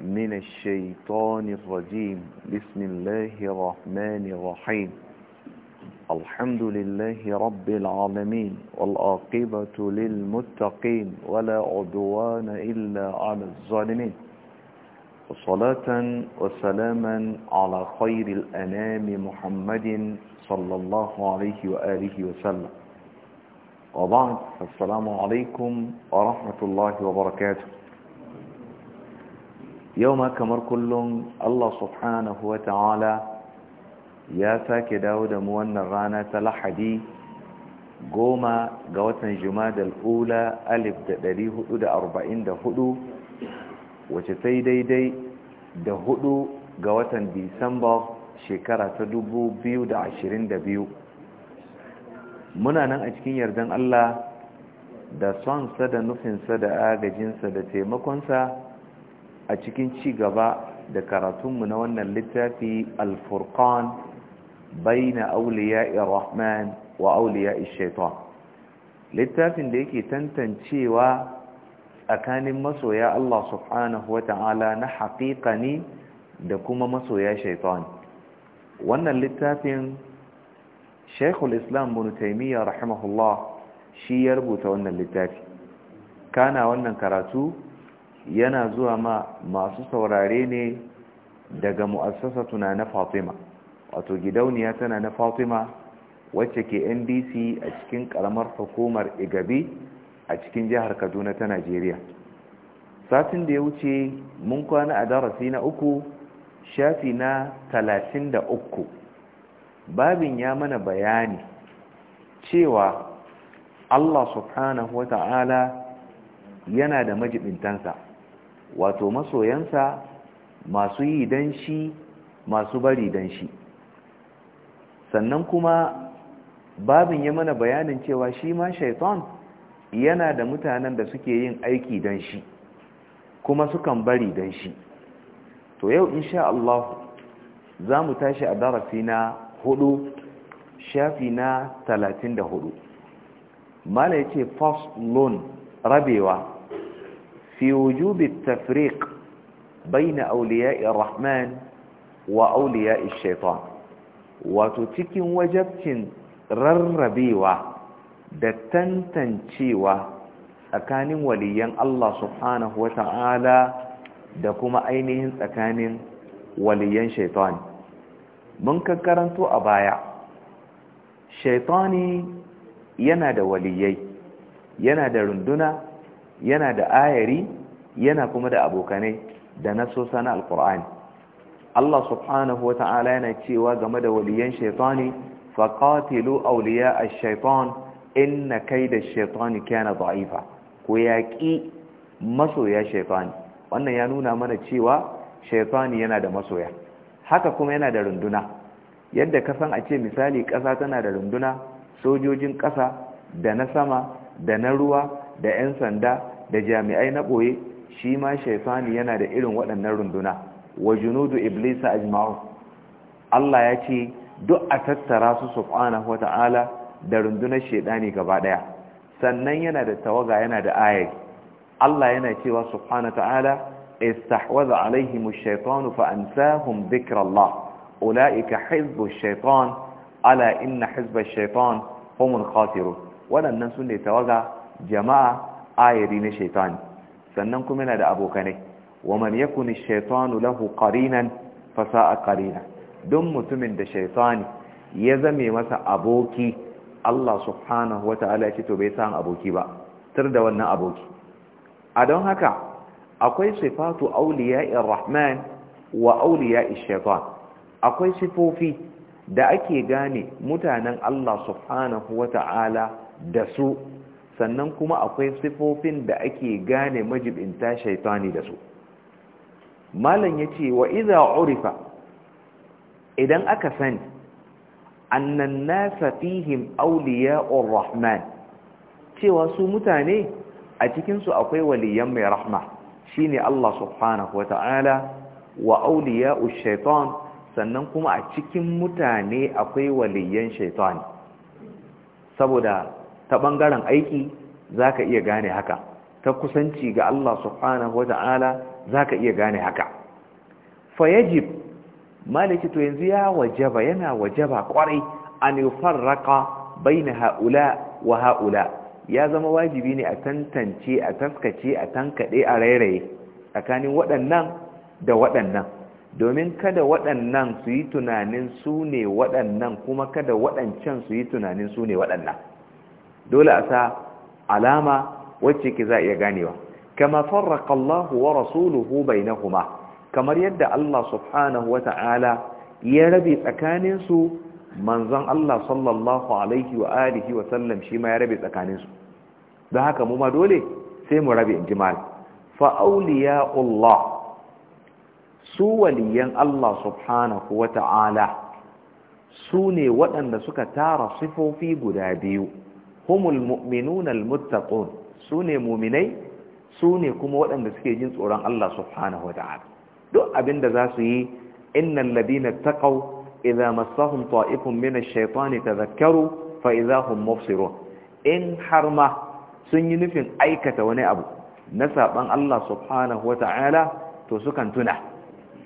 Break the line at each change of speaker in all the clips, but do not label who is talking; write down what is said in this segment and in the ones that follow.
من الشيطان الرجيم بسم الله الرحمن الرحيم الحمد لله رب العالمين والآقبة للمتقين ولا عدوان إلا على الظالمين وصلاة وسلاما على خير الأنام محمد صلى الله عليه وآله وسلم وبعد السلام عليكم ورحمة الله وبركاته yau ma kamar kullum Allah subhanahu wa ta'ala ya sake dawo da mu wannan rana ta lahadi goma ga watan da al'ula alif da ɗari hudu da arba'in da hudu wace sai daidai da hudu ga watan disamba shekara ta dubu biyu da ashirin da biyu muna nan a cikin yardan Allah da sonsa da nufinsa da agajinsa da taimakonsa a cikin ci gaba da karatunmu na wannan littafi alfurkan baina auliya'i rahman wa auliya'i shaitan littafin da yake tantancewa tsakanin masoya Allah subhanahu ta'ala na haƙiƙani da kuma masoya shaitan wannan littafin shaikhul islam bin rahimahullah shi ya rubuta wannan littafi kana wannan karatu yana zuwa ma masu saurare ne daga mu'assasa tuna na fatima wato gidauniya tana na fatima wacce ke ndc a cikin karamar hukumar igabi a cikin jihar kaduna ta najeriya satin da ya wuce mun kwana a darasi na uku shafi na talatin da uku babin ya mana bayani cewa allah subhanahu wa ta'ala yana da majibintansa wato masoyansa masu yi dan shi masu bari dan shi sannan kuma babin ya mana bayanin cewa shi ma shaitan yana da mutanen da suke yin aiki dan shi kuma sukan bari dan shi to yau insha Allah za mu tashi a darasi na hudu shafi na talatin da hudu mala ya ce first loan rabewa في وجوب التفريق بين أولياء الرحمن وأولياء الشيطان وتتكن وجبت رربيوة دتنتنشيوة أكان وليا الله سبحانه وتعالى دكما أينهن أكان وليا شيطان من كرنت أبايع شيطاني ينادى وليي ينادى رندنا yana da ayari yana kuma da abokanai da nasosa na alkur'ani Allah subhanahu wa ta'ala yana cewa game da waliyan shaitani faqatilu awliya ash-shaytan inna kayda ash-shaytani kana da'ifa ko yaqi masoya shaytani wannan ya nuna mana cewa shaytani yana da masoya haka kuma yana da runduna yadda ka san a ce misali ƙasa tana da runduna sojojin ƙasa da na sama da na ruwa da 'yan sanda da jami'ai na ɓoye shi ma shaifani yana da irin waɗannan runduna wa junudu iblisa ajma'u Allah ya ce duk a tattara su subhanahu wata'ala da rundunar shaidani gaba ɗaya sannan yana da tawaga yana da ayat Allah yana cewa subhanahu wata'ala istahwaza alaihim ash-shaytanu fa ansahum dhikrallah ulaika hizbu ash-shaytan ala inna hizba ash-shaytan humul khasirun waɗannan sune tawaga jama'a ayari na shaitan sannan kuma yana da abokanai waman yakuni shaitanu lahu qarinan fasa'a qarina don mutumin da shaitani ya zame masa aboki Allah subhanahu wata'ala ya ce to bai san aboki ba tar da wannan aboki a don haka akwai sifatu auliya'ir rahman wa auliya'ish shaitan akwai sifofi da ake gane mutanen Allah subhanahu wata'ala da su sannan kuma akwai sifofin da ake gane majibinta shaitani da su malam ya ce wa iza urifa idan aka sani annan nasa fihim auliya'ur rahman cewa su mutane a cikinsu akwai waliyan mai rahma shine Allah subhanahu wa ta'ala wa auliya'ush shaitan sannan kuma a cikin mutane akwai waliyan shaitani saboda ta ɓangaren aiki za ka iya gane haka ta kusanci ga Allah subhanahu wa ta'ala za ka iya gane haka fayajib maliki to yanzu ya wajaba yana wajaba kwarai an yi farraka bai na ha'ula wa ha'ula ya zama wajibi ne a tantance a taskace a tankaɗe a rairaye tsakanin waɗannan da waɗannan domin kada waɗannan su yi tunanin su ne waɗannan kuma kada waɗancan su yi tunanin su ne waɗannan dole a sa alama wacce ke za iya ganewa kama farraqa Allahu wa rasuluhu bainahuma kamar yadda Allah subhanahu wata'ala ya rabe tsakanin su manzon Allah sallallahu alaihi wa alihi wa sallam shi ma ya rabe tsakanin su don haka mu ma dole sai mu rabe injimal fa awliya'ullah su waliyan Allah subhanahu wata'ala su ne waɗanda suka tara sifofi guda biyu humul muminunal almuttaqun sune mu'minai sune kuma waɗanda suke jin tsoron Allah subhanahu wata'ala duk abinda za su yi innal ladina taqaw idza massahum ta'ifun min shaytani tadhakkaru fa idza hum mubsirun in har ma sun yi nufin aikata wani abu na saban Allah subhanahu wata'ala to sukan tuna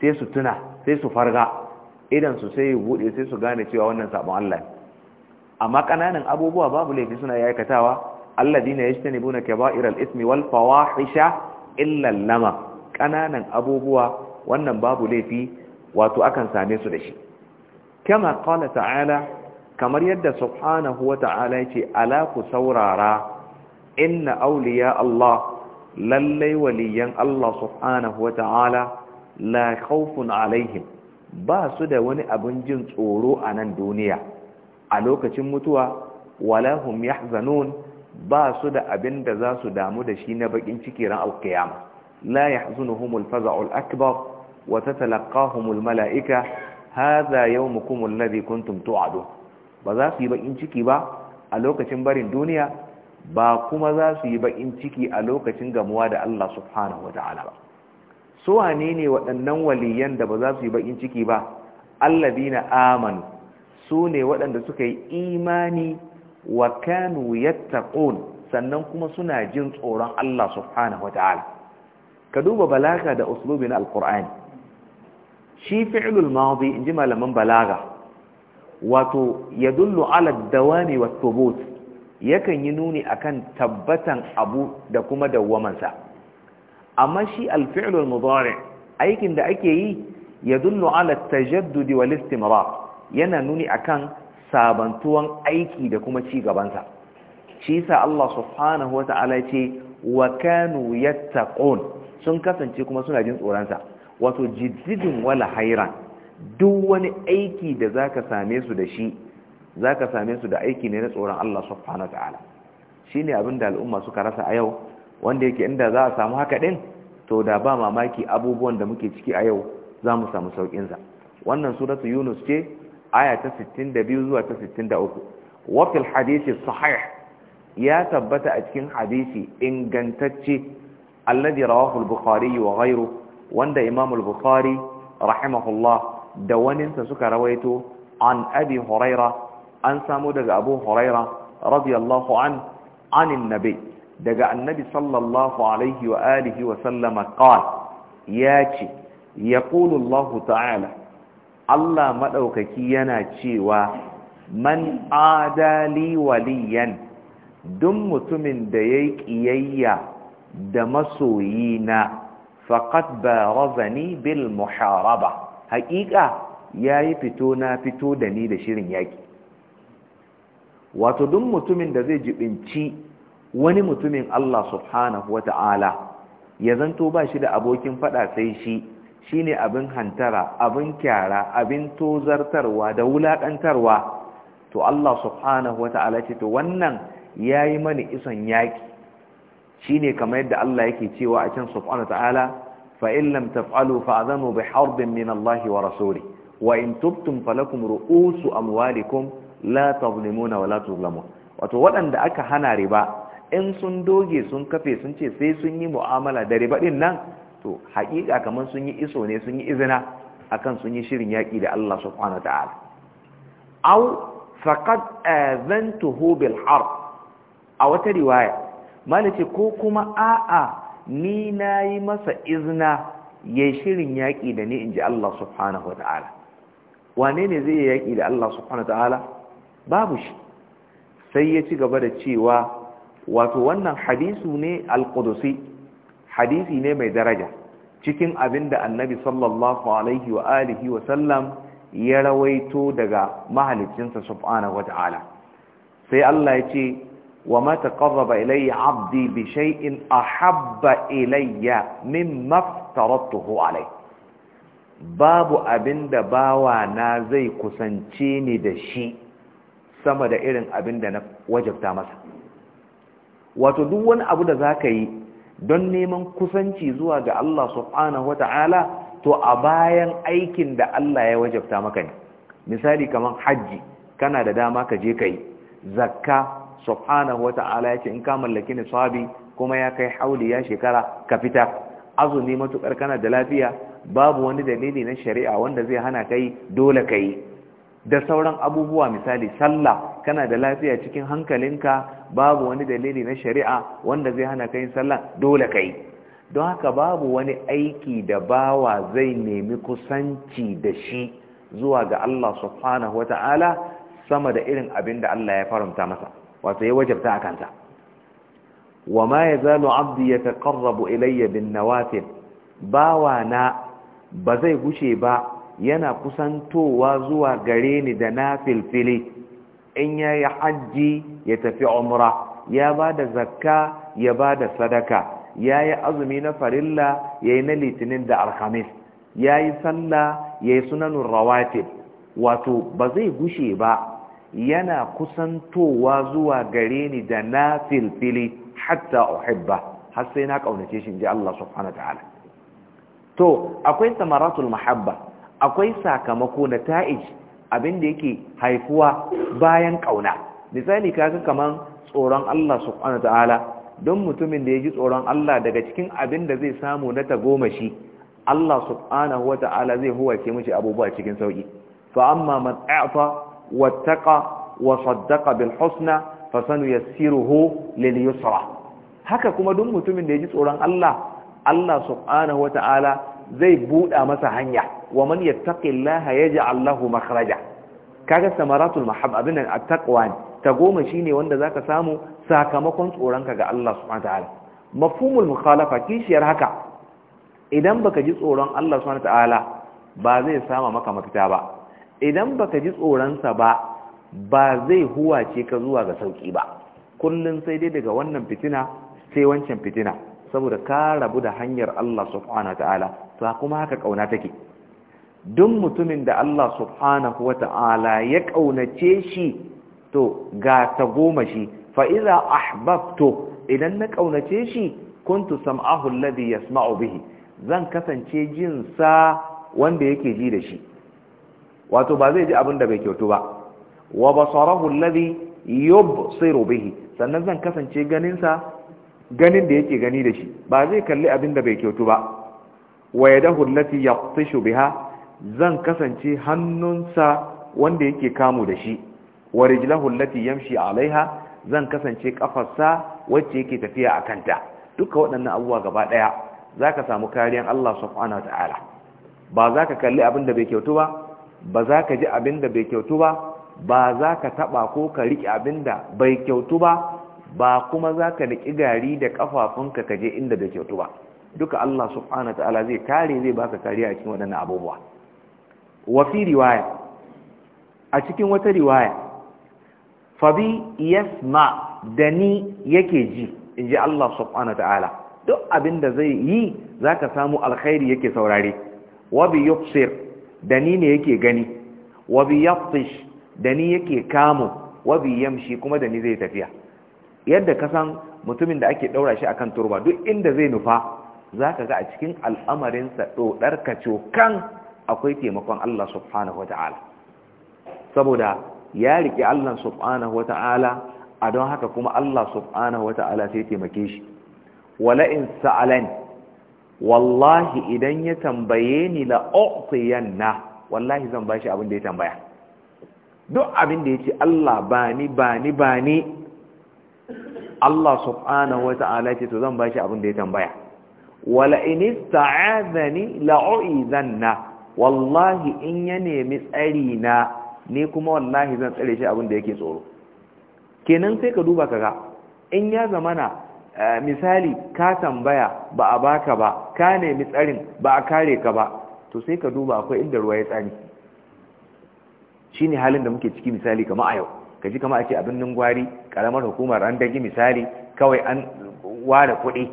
sai su tuna sai su farga idan su sai buɗe sai su gane cewa wannan saban Allah ne amma kananan abubuwa babu laifi suna ya aikatawa alladina yajtanibuna kaba'iral ismi wal fawahisha illa lama kananan abubuwa wannan babu laifi wato akan same su da shi kama qala ta'ala kamar yadda subhanahu wa ta'ala ala ku saurara inna awliya Allah lallai waliyan Allah subhanahu wa la khawfun alaihim ba su da wani abin jin tsoro a nan duniya a lokacin mutuwa Walahum yahzanun ba su da abin da za su damu da shi na bakin ciki ran alkiyama la yahzunuhumul faza'ul akbar wa tatalaqahumul mala'ika hadha yawmukum alladhi kuntum tu'adun ba za su yi bakin ciki ba a lokacin barin duniya ba kuma za su yi bakin ciki a lokacin gamuwa da Allah subhanahu wata'ala ba su wane ne waɗannan waliyan da ba za su yi bakin ciki ba alladina amanu su ne waɗanda suka yi imani wa kanu yattaqun sannan kuma suna jin tsoron Allah subhanahu wataala ka duba balaga da uslubi na alqur'ani shi fi'lul madi inji malaman balaga wato yadullu ala dawami wat thubut yakan yi nuni akan tabbatan abu da kuma dawwamansa amma shi alfi'lul mudari aikin da ake yi yadullu ala tajaddudi wal istimrar yana nuni akan sabantuwan aiki da kuma ci gabansa shi yasa Allah subhanahu wata'ala ce wa kanu yattaqun sun kasance kuma suna jin tsoronsa. sa wato jiddidin wala hairan duk wani aiki da zaka same su da shi zaka same su da aiki ne na tsoron Allah subhanahu Shi ne abin da al'umma suka rasa a yau wanda yake inda za a samu haka din to da ba mamaki abubuwan da muke ciki a yau za mu samu saukin wannan suratu yunus ce aya ta 62 zuwa ta 63 wa hadisi sahih ya tabbata a cikin hadisi ingantacce alladhi rawahu al-bukhari wa ghayru wanda imam al-bukhari rahimahullah da waninsa suka rawaito an abi huraira an samu daga abu huraira radiyallahu an anin nabi daga annabi sallallahu alaihi wa alihi wa sallama qala yaqulu allah ta'ala Allah maɗaukaki yana cewa man adali waliyan duk mutumin da ya yi ƙiyayya da masoyina faƙat barazani bil muharaba haƙiƙa ya yi fito na fito da ni da shirin yaƙi wato duk mutumin da zai jibinci wani mutumin Allah subhanahu wa ta'ala ya zanto ba shi da abokin faɗa sai shi shine abin hantara abin kyara abin tozartarwa da wulaƙantarwa to Allah subhanahu ta'ala ce to wannan yayi mani ison Shi shine kamar yadda Allah yake cewa a can subhanahu wata'ala fa in lam bi harbin min Allah wa rasuli wa in falakum ru'usu amwalikum la tazlimuna wa la wato waɗanda aka hana riba in sun doge sun kafe sun ce sai sun yi mu'amala da riba ɗin nan to haƙiƙa kamar sun yi iso ne sun yi izina akan sun yi shirin yaƙi da Allah subhanahu ta'ala aw faqad azantuhu bil harb a wata riwaya malace ko kuma a'a ni nayi masa izina yayi shirin yaƙi da ni inji Allah subhanahu ta'ala wane ne zai yi yaƙi da Allah subhanahu ta'ala babu shi sai ya ci gaba da cewa wato wannan hadisu ne al-qudusi hadisi ne mai daraja cikin abin da annabi sallallahu alaihi wa alihi wa sallam ya rawaito daga mahalicinsa subhanahu wata'ala sai Allah ya ce wa ma taqarraba ilayya 'abdi bi shay'in ahabba ilayya mimma aftaratuhu alayhi babu abinda bawa na zai kusance ni da shi sama da irin abinda na wajabta masa wato duk wani abu da zaka yi don neman kusanci zuwa ga Allah subhanahu wata'ala to a bayan aikin da Allah ya wajabta maka ne misali kamar hajji kana da dama ka je kai zakka subhanahu wata'ala ya ce in ka mallaki nisabi kuma ya kai hauli ya shekara ka fita azumi matukar kana da lafiya babu wani dalili na shari'a wanda zai hana kai dole kai da sauran abubuwa misali sallah kana da lafiya cikin hankalinka babu wani dalili na shari'a wanda zai hana kai sallah dole kai don haka babu wani aiki da bawa zai nemi kusanci da shi zuwa ga Allah subhanahu wata'ala sama da irin abin da Allah ya faramta masa wato ya wajabta a kanta wa ma yazalu abdi yataqarrabu ilayya bin nawafil bawa na ba zai gushe ba yana kusantowa zuwa gare ni da na filfili in ya yi hajji ya tafi umra ya ba da zakka ya ba da sadaka ya yi azumi na farilla ya yi na litinin da alhamis ya yi sallah ya yi sunanun rawatib wato ba zai gushe ba yana kusantowa zuwa gare ni da na filfili hatta uhibba har sai na kaunace shi inji Allah subhanahu ta'ala to akwai samaratul mahabba akwai sakamako na ta'ij abin da yake haifuwa bayan ƙauna. misali kaga kaman tsoron Allah subhanahu ta'ala don mutumin da ya ji tsoron Allah daga cikin abin da zai samu na tagomashi Allah subhanahu wa ta'ala zai ke mishi abubuwa cikin sauki fa amma man a'ta wattaqa wa saddaqa bil husna fasanuyassiruhu lil yusra haka kuma duk mutumin da ya ji tsoron Allah Allah subhanahu ta'ala zai buɗa masa hanya wa man yattaqillaha yaj'al lahu makhraja kaga samaratul mahabba abin nan attaqwa ta goma shine wanda zaka samu sakamakon tsoronka ga Allah subhanahu wataala mafhumul mukhalafa kishiyar haka idan baka ji tsoron Allah subhanahu wataala ba zai sama maka mafita ba idan baka ji tsoronsa ba ba zai huwace ka zuwa ga sauki ba kullun sai dai daga wannan fitina sai wancan fitina saboda ka rabu da hanyar Allah subhanahu ta'ala to kuma haka kauna take duk mutumin da Allah subhanahu ta'ala ya kaunace shi to ga ta goma shi Fa'iza idza ahbabtu idan na kaunace shi kuntu sam'ahu alladhi yasma'u bihi zan kasance jin sa wanda yake ji da shi wato ba zai ji abin da bai kyautu ba wa basarahu alladhi yubsiru bihi sannan zan kasance ganin sa ganin da yake gani da shi ba zai kalli abin da bai kyautu ba wa yadahu ya yaqtishu biha zan kasance hannunsa wanda yake kamu da shi wa rijlahu allati yamshi alaiha zan kasance kafarsa wacce yake tafiya a kanta duka waɗannan abubuwa gaba ɗaya zaka samu kariyan Allah subhanahu wataala ba za ka kalli abin da bai kyautu ba ba za ka ji abin da bai kyautu ba ba za ka taɓa ko ka riƙe abin da bai kyautu ba ba kuma za ka riƙi gari da ƙafafunka ka je inda da kyautu ba duka Allah subhanahu wa ta'ala zai kare zai baka kariya a cikin waɗannan abubuwa Wafi riwaya a cikin wata riwaya fa bi yasma da ni yake ji inji Allah subhanahu wa ta'ala duk abinda zai yi zaka samu alkhairi yake saurare wa bi yubsir da ni ne yake gani wa bi yaftish da ni yake kamu wa bi yamshi kuma da ni zai tafiya yadda ka san mutumin da ake ɗaura shi a kan turba duk inda zai nufa za ka ga a cikin al'amarinsa ɗoɗar ka cokan akwai taimakon Allah subhanahu ta'ala. saboda ya riƙe Allah subhanahu ta'ala, a don haka kuma Allah subhanahu ta'ala sai taimake shi wala in sa'alan wallahi idan ya tambaye ni la u'tiyanna wallahi zan bashi abin da ya tambaya duk abin da ya ce Allah bani bani bani Allah subhanahu wata'ala ce to zan bashi abin da ya tambaya wala in ista'azani la'u'izanna wallahi in ya nemi tsari na ni kuma wallahi zan tsare shi abin da yake tsoro kenan sai ka duba kaga in ya zamana eh, misali ka tambaya ba a baka ba ka nemi tsarin ba a kare ka ba to sai ka duba akwai inda ruwa ya tsani shine halin da muke ciki misali kamar a yau ka ji kama ake abin nungwari karamar hukumar an dagi misali kawai an ware kuɗi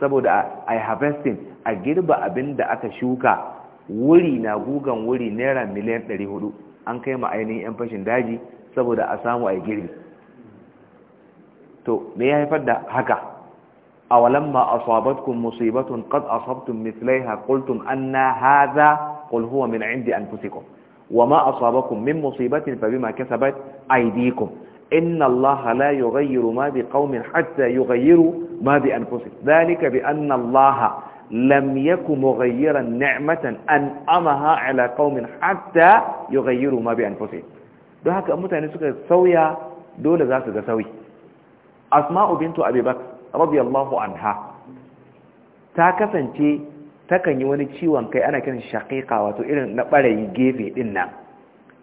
saboda a harvesting a girba abin da aka shuka wuri na gugan wuri naira miliyan 400 an kai ma ainihin 'yan fashin daji saboda a samu a girbi to me ya haifar da haka a walamma asabatkum musibatun qad asabtum mithlaiha qultum anna hadha qul huwa min indi anfusikum وما أصابكم من مصيبة فبما كسبت أيديكم إن الله لا يغير ما بقوم حتى يغيروا ما بأنفسهم ذلك بأن الله لم يكن مغيرا نعمة أنأمها على قوم حتى يغيروا ما بأنفسهم ده هكا متعني سكة سوية دولة ذات سوي أسماء بنت أبي بكر رضي الله عنها تاكسن شيء takan yi wani ciwon kai ana kiran shaqiqa wato irin na barayi gefe din nan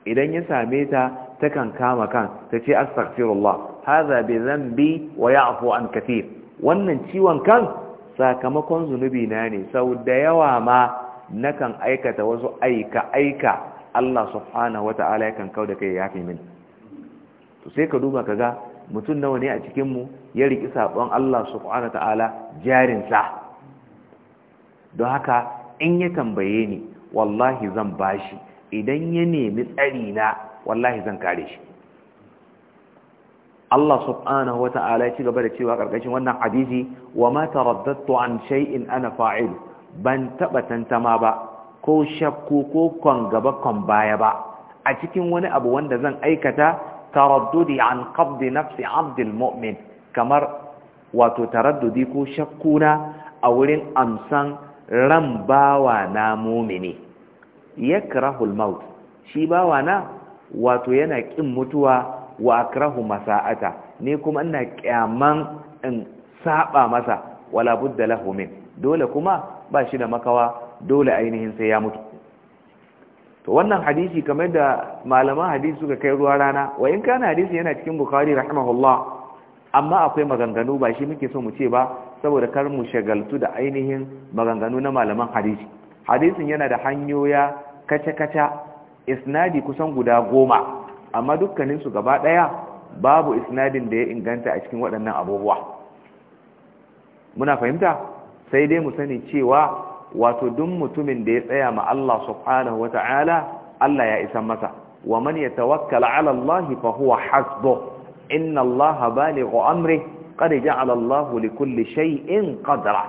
idan ya same ta takan kama kan ta ce astaghfirullah hadha bi dhanbi wa ya'fu an kathir wannan ciwon kan sakamakon zunubi na ne sau da yawa ma nakan aikata wasu aika aika Allah subhanahu wata'ala yakan kau da kai ya min to sai ka duba kaga mutum nawa ne a cikin mu ya riki sabon Allah subhanahu wata'ala jarinsa don haka in ya tambaye ni wallahi zan bashi idan ya nemi tsari na wallahi zan kare shi Allah subhanahu Ta'ala ya ci gaba da cewa ƙarƙashin wannan hadisi wa ma taraddattu an shay'in ana fa'il ban taba tantama ba ko shakku ko kon gaba kon baya ba a cikin wani abu wanda zan aikata taraddudi an qabdi nafsi abdul mu'min kamar wato taraddudi ko na a wurin amsan ran bawa na mumini yakrahul maut shi bawa na wato yana kin mutuwa wa akrahu masa'ata ne kuma ina kyaman in saba masa wala budda lahu min dole kuma ba shi da makawa dole ainihin sai ya mutu to wannan hadisi kamar da malaman hadisi suka kai ruwa rana wa in kana hadisi yana cikin bukhari rahimahullah amma akwai maganganu ba shi muke so mu ce ba saboda kar mu shagaltu da ainihin maganganu na malaman hadisi hadisin yana da hanyoya kace-kace isnadi kusan guda goma amma dukkaninsu gaba ɗaya babu isnadin da ya inganta a cikin waɗannan abubuwa muna fahimta sai dai mu sani cewa wato duk mutumin da ya tsaya ma Allah subhanahu wata'ala Allah ya isa masa wa man yatawakkal ala Allah fa huwa hasbuh inna Allah baligh amrihi qad ja'ala Allahu li kulli shay'in qadra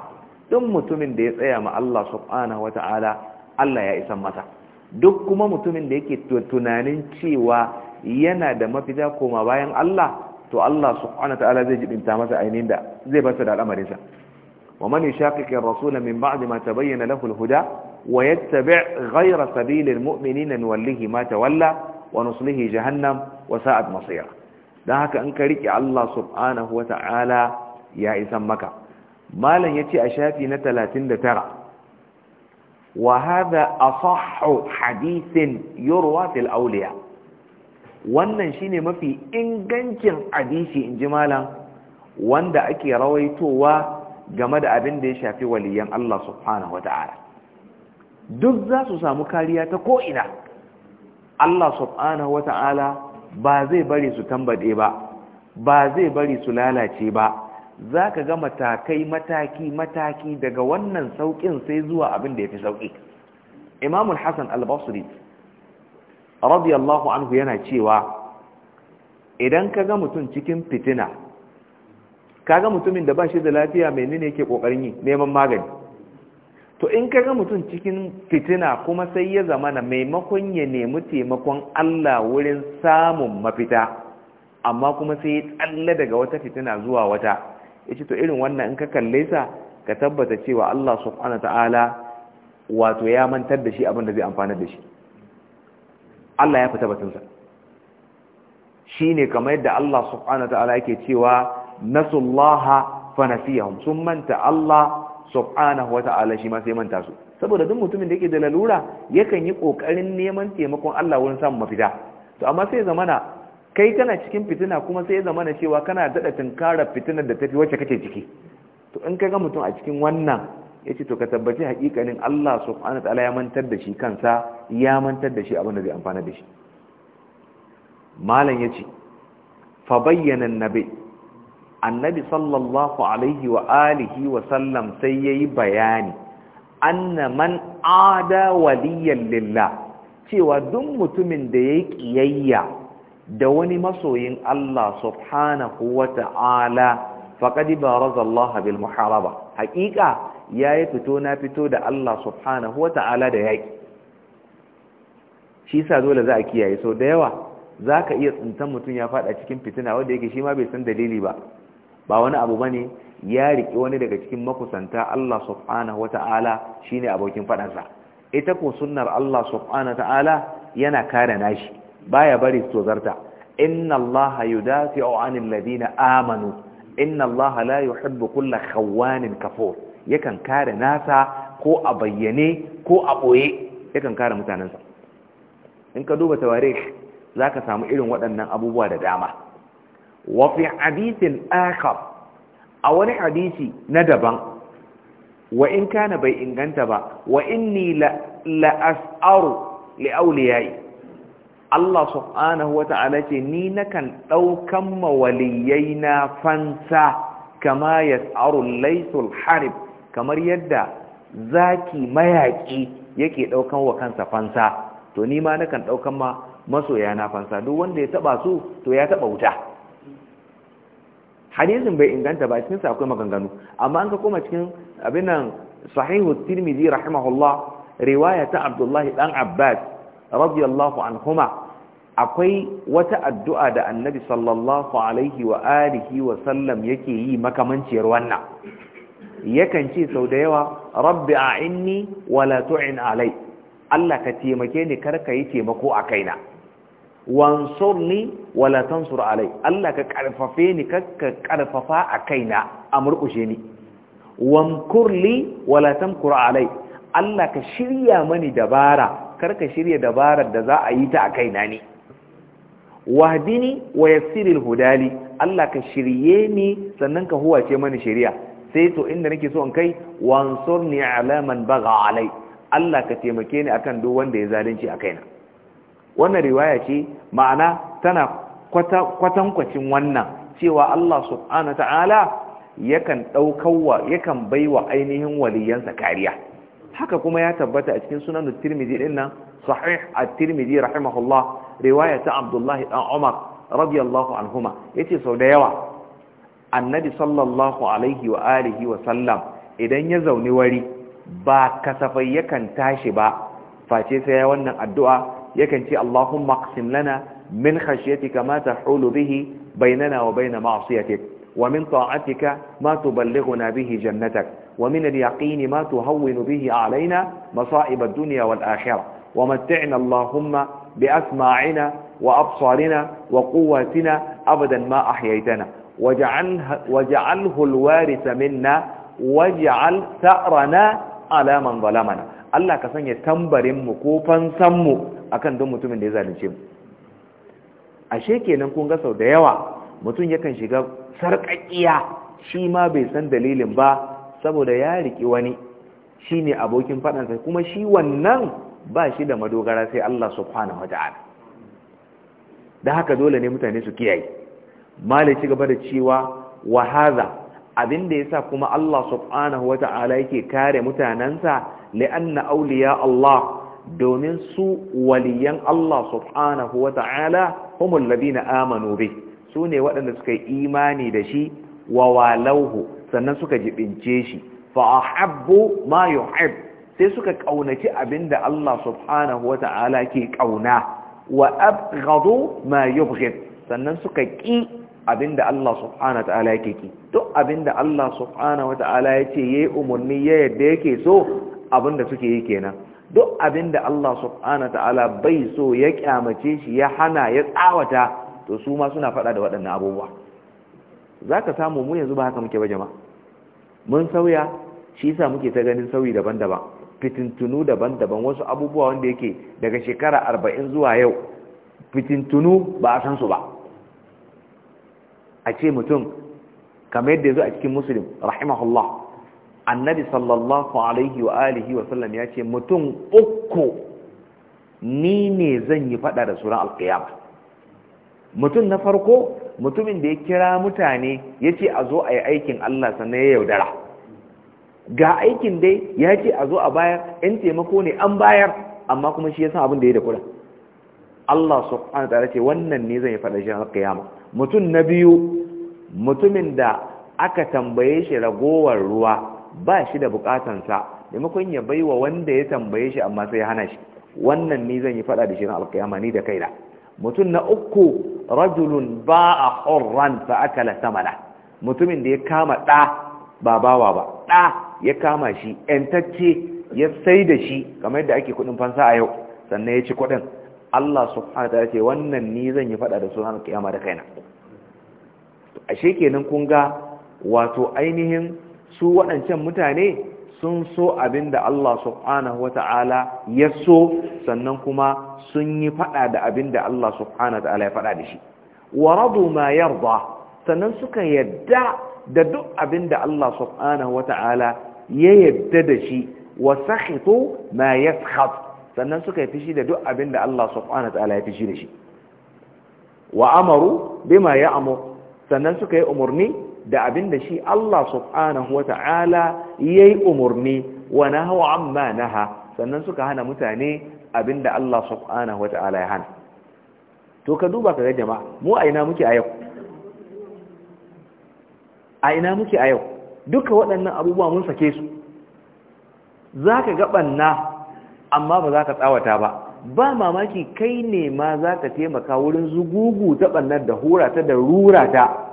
duk mutumin da ya tsaya ma Allah subhanahu wata'ala Allah ya isa masa duk kuma mutumin da yake tunanin cewa yana da mafita koma bayan Allah to Allah subhanahu wata'ala zai jibinta masa ainihin da zai basa da al'amarinsa wa man yushaqiqi ar-rasula min ba'di ma tabayyana lahu al-huda wa yattabi' ghayra sabili al-mu'minina nuwallihi ma tawalla wa nuslihi jahannam wa sa'at masira don haka in ka riƙe Allah subhanahu wa ta'ala ya isan maka malam ya ce a shafi na 39 wa hada a hadithin hadisin fil awliya wannan shine mafi ingancin hadisi in ji malam wanda ake rawaitowa game da abin da ya shafi waliyan Allah subhanahu ta'ala. duk za su samu kariya ta ko'ina Allah subhanahu ta'ala. ba zai bari su tambade ba ba zai bari su lalace ba za ka ga matakai mataki-mataki daga wannan sauƙin sai zuwa abin da ya fi sauƙi imamul hassan al-basri radiyallahu anhu yana cewa idan ka ga mutum cikin fitina ka ga mutumin da ba shi da lafiya mai nune yake ƙoƙarin yi neman magani to in ka ga mutum cikin fitina kuma sai ya zama na maimakon ya nemi taimakon Allah wurin samun mafita amma kuma sai ya tsalle daga wata fitina zuwa wata yace to irin wannan in ka kalle sa ka tabbata cewa Allah subhanahu ta'ala wato ya mantar da shi abin da zai amfana da shi Allah ya fita batunsa shine kamar yadda Allah subhanahu ta'ala yake cewa nasullaha fa nasiyahum sun manta Allah subhanahu wata'ala shi ma sai manta su saboda duk mutumin da yake da lalura yakan yi kokarin neman taimakon Allah wurin samun mafita to amma sai zamana kai kana cikin fitina kuma sai zamana cewa kana dada tunkara fitinar da tafi wacce kake ciki to in ka ga mutum a cikin wannan yace to ka tabbaci hakikanin Allah subhanahu wata'ala ya mantar da shi kansa ya mantar da shi abin da zai amfana da shi malam yace fa bayyana annabi annabi sallallahu alaihi wa alihi wa sallam sai yayi bayani anna man ada waliyan lillah cewa duk mutumin da yayi kiyayya da wani masoyin Allah subhanahu wa ta'ala faqad baraza Allah bil muharaba haqiqa yayi fito na fito da Allah subhanahu wa ta'ala da yaki shi sa dole za a kiyaye so da yawa zaka iya tsintan mutum ya fada cikin fitina wanda yake shi ma bai san dalili ba ba wani abu bane ya riki wani daga cikin makusanta Allah subhanahu wata'ala shine abokin faɗansa. ita ko sunnar Allah subhanahu wata'ala yana kare nashi baya bari su zarta inna Allah yudafi'u 'anil ladina amanu inna Allah la yuhibbu kulla khawanin kafur yakan kare nasa ko a bayyane ko a boye yakan kare mutanansa in ka duba tawarikh zaka samu irin waɗannan abubuwa da dama wa fi hadithin akhar a wani hadisi na daban wa in kana bai inganta ba wa inni la as'aru li awliyai Allah subhanahu Wata'ala ce ni nakan daukan mawaliyai na fansa kama yas'aru laysul harib kamar yadda zaki mayaki yake daukan wa kansa fansa to ni ma nakan daukan ma masoya na fansa duk wanda ya taba su to ya taba wuta hadisin bai inganta ba cikin sa akwai maganganu amma an ka koma cikin abin nan sahihu tirmidhi rahimahullah riwaya ta abdullahi dan abbas radiyallahu anhuma akwai wata addu'a da annabi sallallahu alaihi wa alihi wa sallam yake yi makamanciyar wannan yakan ce sau da yawa rabbi a'inni wala tu'in alai Allah ka taimake ni kar ka yi taimako a kaina wansurni wala tansur alai Allah ka karfafe ni ka karfafa a kaina a murƙushe ni wankurli wala tamkur alai Allah ka shirya mani dabara kar ka shirya dabarar da za a yi ta a kaina ne wahdini wa yassiril hudali Allah ka shirye ni sannan ka huwace mani shari'a sai to inda nake so in kai wansurni ala alaman baga alai Allah ka taimake ni akan duk wanda ya zalunci a kaina wannan riwaya ce ma'ana tana kwatankwacin wannan cewa Allah subhanahu ta'ala yakan bai yakan baiwa ainihin waliyansa kariya haka kuma ya tabbata a cikin sunan tirmidhi din nan sahih at-tirmidhi rahimahullah riwaya ta Abdullah ibn Umar radiyallahu anhuma yace sau da yawa annabi sallallahu alaihi wa alihi wa sallam idan ya zauni wari ba kasafai yakan tashi ba face sai ya wannan addu'a يكن يكنتي اللهم اقسم لنا من خشيتك ما تحول به بيننا وبين معصيتك ومن طاعتك ما تبلغنا به جنتك ومن اليقين ما تهون به علينا مصائب الدنيا والآخرة ومتعنا اللهم بأسماعنا وأبصارنا وقواتنا أبدا ما أحييتنا وجعله, وجعله الوارث منا واجعل ثأرنا على من ظلمنا Allah ka sanya tambarin mu ko fansan mu kan don mutumin da ya zalunce mu ashe kenan kun ga sau da yawa mutum yakan shiga sarƙaƙiya shi ma bai san dalilin ba saboda ya riƙi wani Shi ne abokin faɗansa kuma shi wannan ba shi da madogara sai Allah subhanahu ta'ala da haka dole ne mutane su kiyaye malai ci gaba da cewa wahaza abin da sa kuma Allah subhanahu wata'ala yake kare mutanensa li'anna awliya Allah domin su waliyan Allah subhanahu wa ta'ala humul ladina amanu bi su ne waɗanda suka yi imani da shi wa walauhu sannan suka jibince shi fa ahabbu ma yuhib sai suka ƙaunaci abinda Allah subhanahu wa ta'ala ke ƙauna. wa abghadu ma yubghid sannan suka ƙi abinda Allah subhanahu wa ta'ala yake ki duk abinda Allah subhanahu wa ta'ala yace yayi umarni ya yadda yake so abin da suke yi kenan duk abin da Allah subhanahu ta'ala bai so ya kyamace shi ya hana ya tsawata to su ma suna fada da waɗannan abubuwa zaka samu mu yanzu ba haka muke ba jama'a mun sauya shi yasa muke ta ganin sauyi daban-daban fitintunu daban-daban wasu abubuwa wanda yake daga shekara arba'in zuwa yau fitintunu ba a san su ba a ce mutum kamar yadda ya zo a cikin musulun rahimahullah annabi sallallahu alaihi wa alihi wa sallam ya ce mutum uku ni ne zan yi fada da suran alkiyama mutum na farko mutumin da ya kira mutane ya ce a zo a yi aikin Allah sannan ya yaudara ga aikin dai ya ce a zo a bayar in taimako ne an bayar amma kuma shi ya san abin da ya da kula Allah subhanahu ta'ala ce wannan ne zan yi fada shi ranar kiyama mutum na biyu mutumin da aka tambaye shi ragowar ruwa ba shi da bukatansa maimakon ya bai wa wanda ya tambaye shi amma sai ya hana shi wannan ni zan yi fada da shi na alkiyama da kaina mutum na uku rajulun ba a hurran fa akala samana mutumin da ya kama ɗa ba bawa ba ɗa ya kama shi ‘yantacce ya sai da shi kamar yadda ake kuɗin fansa a yau sannan ya ci kuɗin Allah subhanahu wa ce wannan ni zan yi faɗa da sunan kiyama da kaina ashe kenan kun ga wato ainihin su waɗancan mutane sun so abin da Allah subhanahu wata'ala ya so sannan kuma sun yi faɗa da abin da Allah subhanahu wata'ala ya faɗa da shi wa radu ma yarda sannan suka yadda da duk abin da Allah subhanahu wata'ala ya yadda da shi wa sakhitu ma yaskhat sannan suka yi fishi da duk abin da Allah subhanahu wata'ala ya fishi da shi wa amaru bima ya'mur sannan suka yi umarni da abin da shi Allah subhanahu wata'ala yi umurni wa na nahu amma ha. sannan suka hana mutane abin da Allah subhanahu wata'ala ya hana to ka duba ka ga jama'a mu a ina muke a yau a muke a yau duka waɗannan abubuwa mun sake su za ka gabanna amma ba za ka tsawata ba ba mamaki kai ne ma za ka taimaka wurin zugugu ta ɓannar da hurata da rurata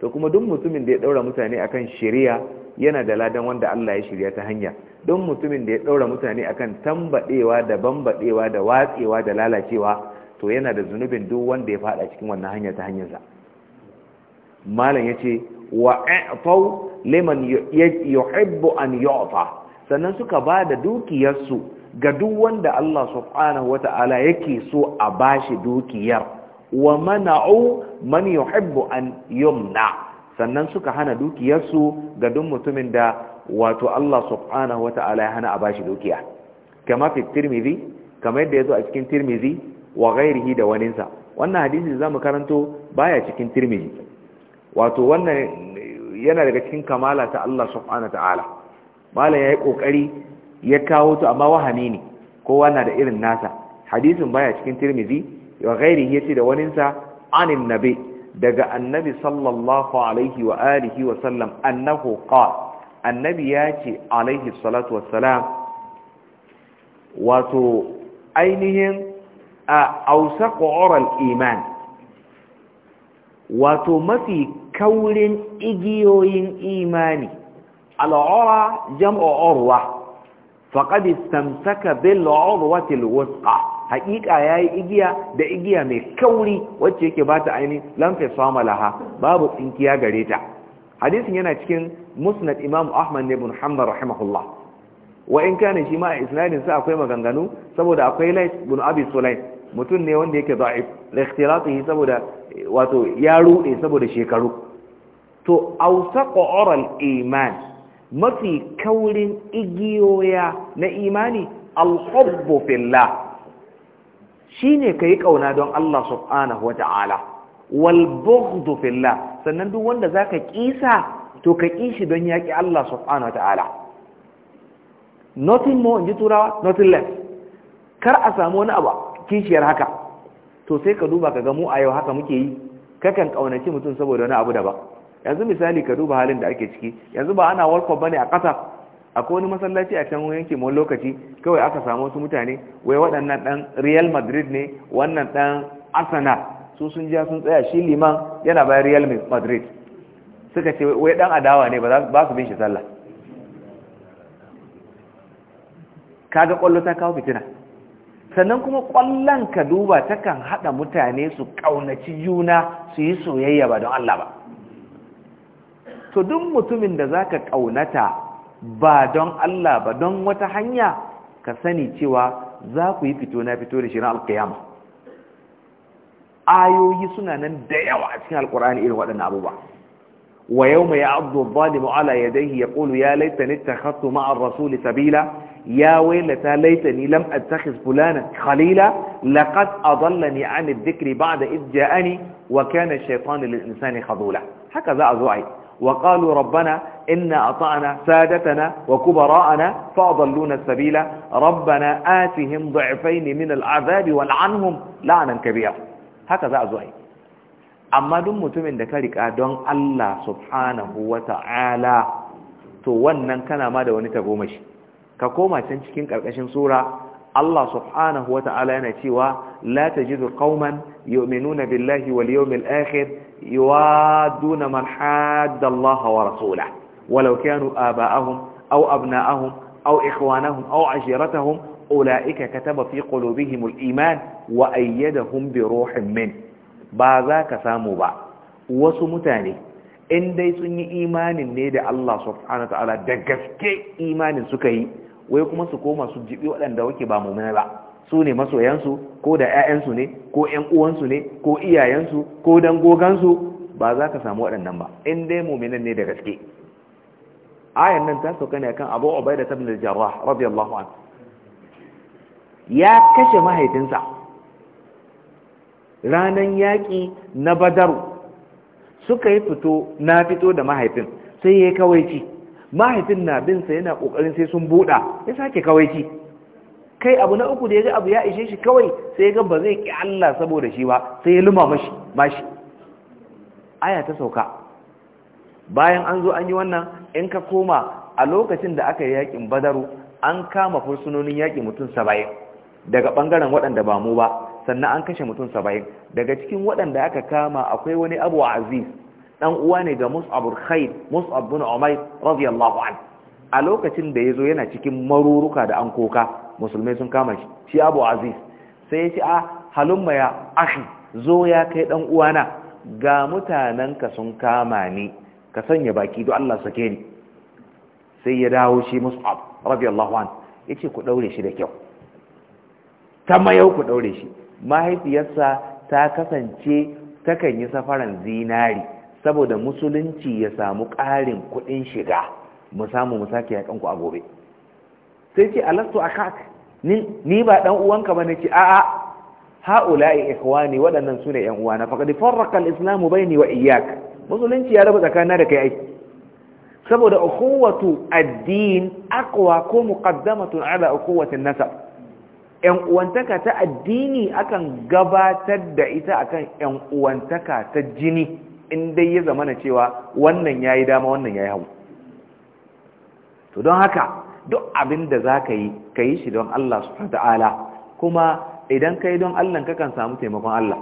to kuma duk mutumin da ya daura mutane akan shari'a yana da ladan wanda Allah ya shirya ta hanya Duk mutumin da ya ɗaura mutane akan tambaɗewa, da bambadewa da watsewa da lalacewa to yana da zunubin duk wanda ya fada cikin wannan hanya ta hanyarsa malam yace wa a'tau liman yuhibbu an yu'ta sannan suka ba da dukiyarsu ga duk wanda Allah subhanahu wata'ala yake so a bashi dukiyar wa mana'u man yuhibbu an yumna sannan suka hana dukiyarsu ga duk mutumin da wato Allah subhanahu wata'ala ya hana a bashi dukiya kama fi tirmidhi kama yadda yazo a cikin tirmidhi wa ghairihi da waninsa wannan hadisi zamu karanto baya cikin tirmidhi wato wannan yana daga cikin kamala ta Allah subhanahu wata'ala malam yayi kokari ya kawo to amma wahani ne kowa na da irin nasa hadisin baya cikin tirmidhi wa ghairihi ce da waninsa anin nabi daga annabi sallallahu alaihi wa alihi wa sallam annahu qala annabi ya ce alaihi salatu wa salam. wato ainihin a ausaqu oral iman wato mafi kaurin igiyoyin imani al'ura jam'u urwa faqad istamsaka bil urwati al-wusqa haƙiƙa ya yi igiya da igiya mai kauri wacce yake ba ta ainihin lamfe laha babu tsinkiya gare ta hadisin yana cikin musnad imam ahmad ne bin hamdar rahimahullah wa in kane shi ma a isnadin sa akwai maganganu saboda akwai lais bin abi sulais mutum ne wanda yake da'if da ikhtilatihi saboda wato ya rude saboda shekaru to awsaqa oral iman mafi kaurin igiyoya na imani al al-hubbu fillah Shi ne ka yi ƙauna don Allah subhanahu wata'ala wal sannan duk wanda za zaka ƙisa to ka ƙishi don yaki Allah subhanahu ta'ala nothing more ji turawa nothing less kar a samu wani abu kishiyar haka to sai ka duba ka ga a yau haka muke yi kakan ƙaunaki mutum saboda wani abu ba yanzu misali ka duba halin da ake ciki yanzu ba ana world ba ne a ƙasa akwai wani masallaci a can yanki mun lokaci kawai aka samu wasu mutane wai waɗannan ɗan real madrid ne wannan ɗan arsenal su sun ja sun tsaya shi liman yana bayan real madrid suka ce wai ɗan adawa ne ba su bin shi sallah kaga ƙwallo ta kawo fitina sannan kuma ƙwallon ka duba ta kan haɗa mutane su ƙaunaci juna su yi soyayya ba don allah ba to duk mutumin da za ka ƙaunata ba don Allah ba don wata hanya ka sani cewa za ku yi fito na fito da shirin alkiyama ayoyi suna nan da yawa a cikin alkur'ani irin waɗannan abubuwa wa yau mai abdu zalimu ala ya ƙulu ya laita ni ta hattu ma'ar rasuli sabila ya wailata laita ni lam takis fulana khalila laqad adallani an ba'a da id ja'ani wa kana shaytanu lil insani khadula haka za a zo ai inna afa'ana sadatana wa kubara'ana وقالوا sabila إنا أطعنا سادتنا وكبراءنا فأضلونا السبيل ربنا آتهم ضعفين من العذاب والعنهم لعنا كبيرا هكذا أزوين amma duk mutumin da ka rika don Allah subhanahu wa ta'ala to wannan kana ma da wani ta tagomashi ka koma can cikin ƙarƙashin sura Allah subhanahu wa ta'ala yana cewa la tajidu qauman yu'minuna billahi wal yawmil akhir يوادون من حاد الله ورسوله ولو كانوا آباءهم أو أبناءهم أو إخوانهم أو عشيرتهم أولئك كتب في قلوبهم الإيمان وأيدهم بروح منه بذاك سامو با وسمتاني in dai sun yi imanin ne da Allah subhanahu wa ta'ala da gaske imanin suka yi wai kuma su koma su jibi waɗanda wake ba mummuna ba su ne masoyansu ko da 'ya'yansu ne ko 'yan uwansu ne ko iyayensu ko dangogansu ba za ka samu waɗannan ba in dai muminan ne da gaske ayan nan ta sauka ne kan abu tabbatar da al-jarrah radiyallahu an. ya kashe mahaifinsa ranan yaƙi na badaru suka yi fito na fito da mahaifin sai ya yi kawaici mahaifin na binsa yana ƙoƙarin sai sun buɗa ya sake ci. kai abu na uku da ya ga abu ya ishe shi kawai sai ya ga ba zai ki Allah saboda shi ba sai ya luma mashi mashi aya ta sauka bayan an zo an yi wannan in ka koma a lokacin da aka yi yaƙin badaru an kama fursunonin yaƙi mutum saba'in daga ɓangaren waɗanda ba mu ba sannan an kashe mutum saba'in daga cikin waɗanda aka kama akwai wani abu aziz ɗan uwa ne ga musabur khair mus'ab bin umayr radiyallahu an a lokacin da ya zo yana cikin maruruka da an koka musulmai sun kama shi shi abu aziz sai ya ce a ah, halumma ya ashi zo ya kai dan uwana ga mutanen ka sun kama ni ka sanya baki don Allah sake ni sai ya dawo shi mus'ab radiyallahu an yace ku daure shi da kyau ta mayau ku daure shi mahaifiyarsa ta kasance takan yi safaran zinari saboda musulunci ya samu ƙarin kuɗin shiga mu samu mu sake yakan ku a gobe sai ce alastu kak ni ba dan uwanka ba ce a'a haula'i ne waɗannan su ne yan uwa na faɗi al-islamu baini wa iyaka musulunci ya raba tsakanina da kai aiki saboda ukhuwatu ad-din aqwa ko muqaddamatun ala ukhuwati an-nasab yan uwantaka ta addini akan gabatar da ita akan yan uwantaka ta jini in dai ya zamana cewa wannan yayi dama wannan yayi hagu to don haka duk abin da za ka yi ka yi shi don Allah su ta'ala kuma idan ka yi don Allah ka kan samu taimakon Allah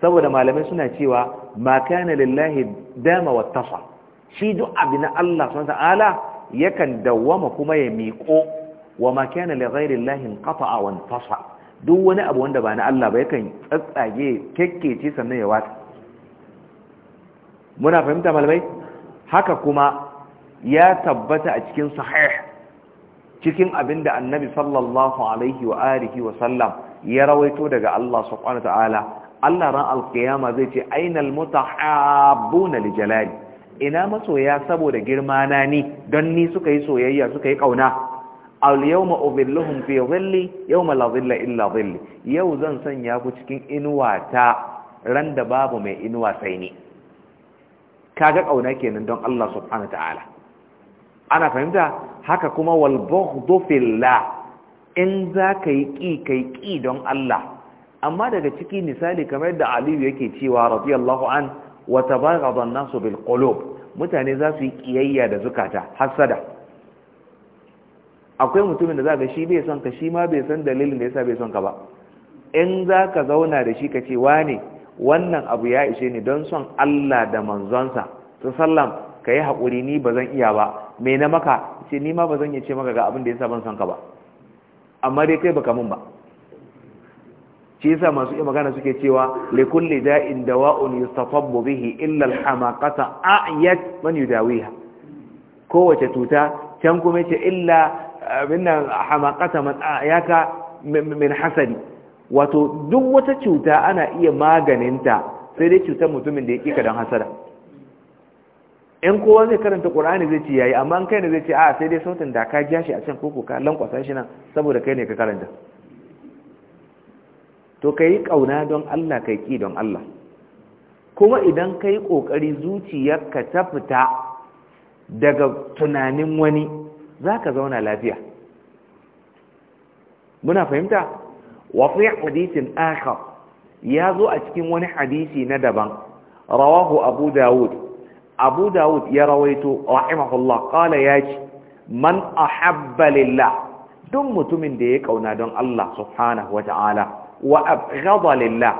saboda malamai suna cewa ma kana lillahi dama wa tafa shi duk abin na Allah su ta'ala yakan dawwama kuma ya miƙo wa ma kana li ghairi llahi qata'a wa tafa duk wani abu wanda ba na Allah ba yakan tsatsage kekkece sannan ya wata muna fahimta malamai haka kuma ya tabbata a cikin sahih cikin abin da annabi sallallahu alaihi wa alihi wa sallam ya rawaito daga Allah subhanahu ta'ala Allah ran alkiyama zai ce ainal mutahabbuna li jalali ina masoya saboda girma na ni don ni suka yi soyayya suka yi kauna al yawma ubilluhum fi dhilli yawma la dhilla illa dhilli yau zan sanya ku cikin inuwa ta ran da babu mai inuwa sai ni kaga kauna kenan don Allah subhanahu ta'ala ana fahimta haka kuma wal in za ka yi ƙi ka yi ƙi don Allah amma daga ciki misali kamar yadda aliyu yake cewa radiyallahu an wata ba nasu bil mutane za su yi ƙiyayya da zukata hasada akwai mutumin da za ka shi bai son ka shi ma bai san dalilin da yasa bai son ka ba in za ka zauna da shi ka ce wane wannan abu ya ishe ni don son Allah da manzonsa su sallam ka yi haƙuri ni ba zan iya ba me na maka ce ni ma ba zan iya ce maka ga abin da yasa ban san ka ba amma dai kai baka mun ba shi yasa masu iya magana suke cewa li kulli da'in dawa'un yustatabbu bihi illa al-hamaqata a'yat man yudawiha kowace tuta can kuma ce illa minna hamaqata man a'yaka min hasadi wato duk wata cuta ana iya maganinta sai dai cutar mutumin da ya kika don hasada in kowa zai karanta qur'ani zai ce yayi amma kai ne zai ce a sai dai sautin da ka ja shi a can koko ka lankwasa shi nan saboda kai ne ka karanta to kai ƙauna don Allah kai ki don Allah kuma idan kai kokari zuciyarka ta fita daga tunanin wani zaka zauna lafiya muna fahimta wa fi hadithin akhar ya zo a cikin wani hadisi na daban rawahu abu dawud abu dawud ya rawaito rahimahullah ya yaji man ahabba lillah duk mutumin da ya kauna don Allah subhanahu ta'ala wa abghada lillah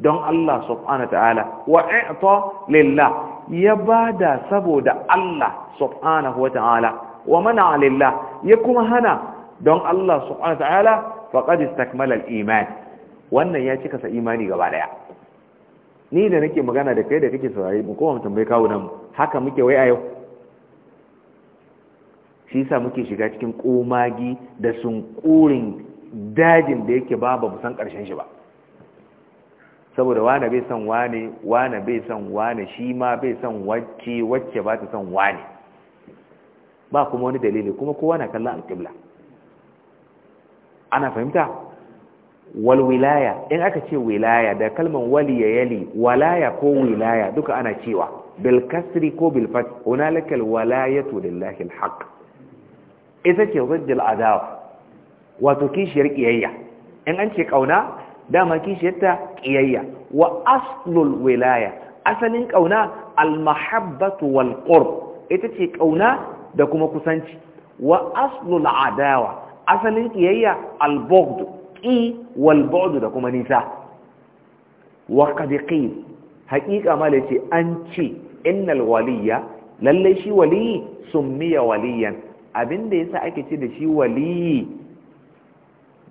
don Allah subhanahu ta'ala wa i'ta lillah ya bada saboda Allah subhanahu ta'ala wa mana lillah ya kuma hana don Allah subhanahu ta'ala faqad istakmala al-iman wannan ya cika sa imani gaba daya ni da nake magana da kai da kake saurari mu kowa mutum bai kawo nan haka muke wai a yau shi yasa muke shiga cikin komagi da sunkurin dajin da yake ba ba mu san karshen shi ba saboda wane bai san wane wane bai san wane shi ma bai san wacce wacce ba ta san wane ba kuma wani dalili kuma kowa na kallon alƙibla ana fahimta Walwilaya, in aka ce wilaya da kalman wali ya yali walaya ko wilaya duka ana cewa bil kasri ko bil fath hunalika al walayatu lillahi al haqq ita ce ziddil adawa wato kishiyar kiyayya in an ce kauna dama kishiyarta kiyayya wa aslul wilaya asalin kauna al mahabbatu wal qurb ita ce kauna da kuma kusanci wa aslul adawa asalin kiyayya al bughd ƙi walba'udu da kuma nisa wa ƙadiƙi haƙiƙa mala ce an ce innal waliya lallai shi waliyi summiya waliyan abinda ya sa ake ce da shi waliyi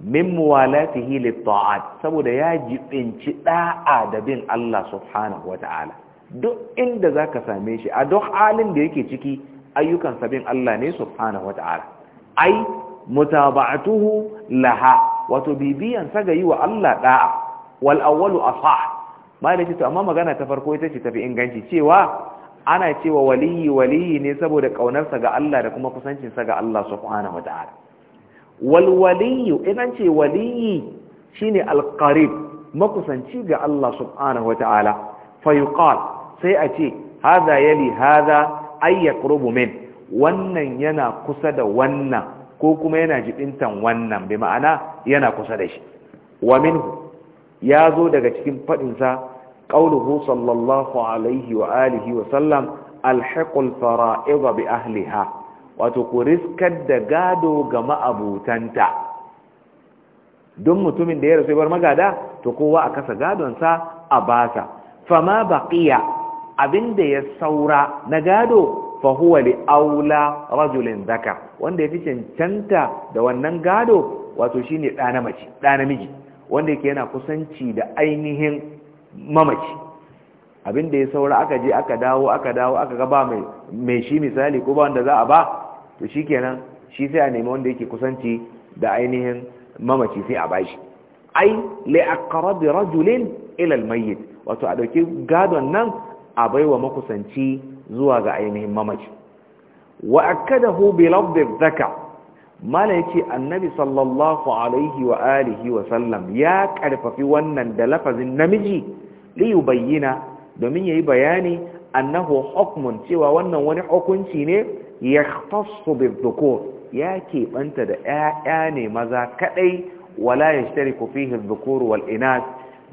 min muwalatihi litta'at saboda ya jibinci da'a da bin Allah subhanahu wata'ala duk inda zaka same shi a duk halin da yake ciki ayyukan sabin Allah ne subhanahu wata'ala ai mutaba'atuhu laha wato bibiyan sa ga yi wa Allah da'a wal awwalu asah malai ce to amma magana ta farko ita ce tafi inganci cewa ana cewa waliyi waliyi ne saboda ƙaunarsa ga Allah da kuma kusancinsa ga Allah subhanahu wa ta'ala wal waliyu idan ce waliyi shine alqarib makusanci ga Allah subhanahu wa ta'ala fa yuqal sai a ce hadha yali hadha ay yaqrubu min wannan yana kusa da wannan ko kuma yana jibintan wannan bi ma'ana yana kusa da shi wa minhu ya zo daga cikin faɗinsa ƙauluhu sallallahu alaihi wa alihi wa sallam alhaƙul fara'iza bi ahliha wato ku riskar da gado ga ma'abutanta don mutumin da ya rasu bar magada to kowa a kasa gadonsa a basa fama baƙiya abinda ya saura na gado fa li aula rajulin zaka wanda ya fi cancanta da wannan gado wato shine da na namiji wanda yake yana kusanci da ainihin mamaci abinda ya saura aka je aka dawo aka dawo aka ga ba mai shi misali ko ba wanda za a ba to shikenan shi sai a nemi wanda yake kusanci da ainihin mamaci sai a bashi ai li aqrab rajulin ila al wato a dauki gadon nan a baiwa makusanci zuwa ga ainihin mamaci wa hu bi lafdh dhaka mala yace annabi sallallahu alaihi wa alihi wa sallam ya karfafi wannan da lafazin namiji liyu bayyana domin yi bayani annahu hukmun cewa wannan wani hukunci ne yahtassu bi dhukur ya keɓanta da ƴaƴa ne maza kaɗai, wala ya fihi adh-dhukur wal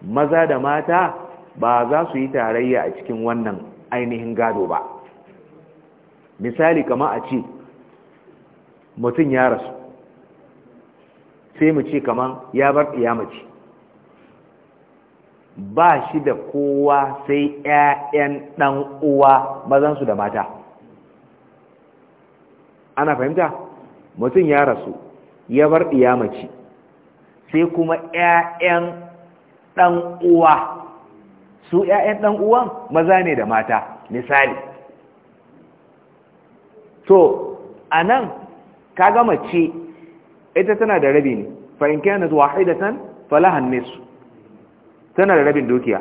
maza da mata ba za su yi tarayya a cikin wannan ainihin gado ba misali kama a ce mutum ya rasu sai mu ce kaman ya bar iyamaci ba shi da kowa sai 'ya'yan ɗan uwa mazansu da mata ana fahimta mutum ya rasu ya bar iyamaci sai kuma 'ya'yan ɗan uwa su 'ya'yan ɗan uwan maza ne da mata misali To a nan ka gama ce ita tana da rabi ne fa'in kyanar wahidatan falahan nesu tana da rabin dukiya